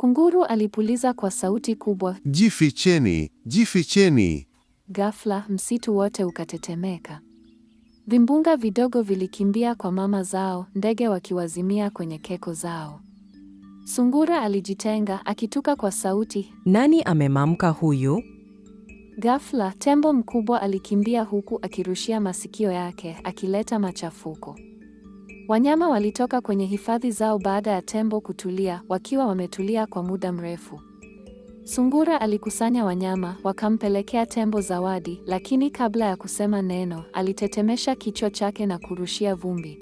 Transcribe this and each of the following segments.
Kunguru alipuliza kwa sauti kubwa, jificheni, jificheni! Ghafla msitu wote ukatetemeka. Vimbunga vidogo vilikimbia kwa mama zao, ndege wakiwazimia kwenye keko zao. Sungura alijitenga akituka kwa sauti, nani amemamka huyu? Ghafla tembo mkubwa alikimbia huku akirushia masikio yake, akileta machafuko. Wanyama walitoka kwenye hifadhi zao baada ya tembo kutulia, wakiwa wametulia kwa muda mrefu. Sungura alikusanya wanyama, wakampelekea tembo zawadi, lakini kabla ya kusema neno, alitetemesha kichwa chake na kurushia vumbi.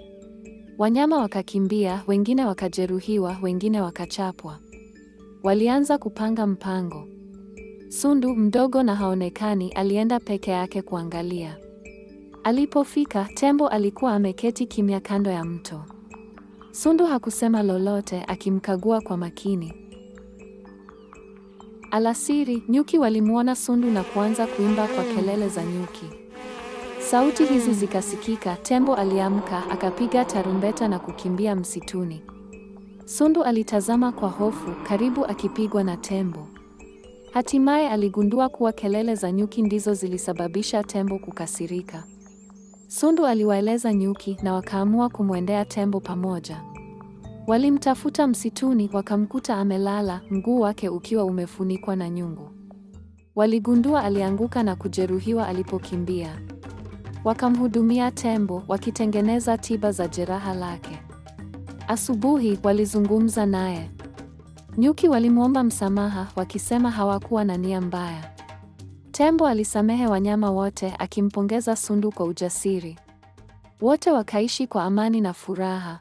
Wanyama wakakimbia, wengine wakajeruhiwa, wengine wakachapwa. Walianza kupanga mpango. Sundu mdogo na haonekani alienda peke yake kuangalia. Alipofika, tembo alikuwa ameketi kimya kando ya mto. Sundu hakusema lolote, akimkagua kwa makini. Alasiri, nyuki walimwona Sundu na kuanza kuimba kwa kelele za nyuki. Sauti hizi zikasikika, tembo aliamka, akapiga tarumbeta na kukimbia msituni. Sundu alitazama kwa hofu, karibu akipigwa na tembo. Hatimaye aligundua kuwa kelele za nyuki ndizo zilisababisha tembo kukasirika. Sundu aliwaeleza nyuki na wakaamua kumwendea tembo pamoja. Walimtafuta msituni, wakamkuta amelala, mguu wake ukiwa umefunikwa na nyungu. Waligundua alianguka na kujeruhiwa alipokimbia. Wakamhudumia tembo, wakitengeneza tiba za jeraha lake. Asubuhi walizungumza naye. Nyuki walimwomba msamaha, wakisema hawakuwa na nia mbaya. Tembo alisamehe wanyama wote akimpongeza Sundu kwa ujasiri. Wote wakaishi kwa amani na furaha.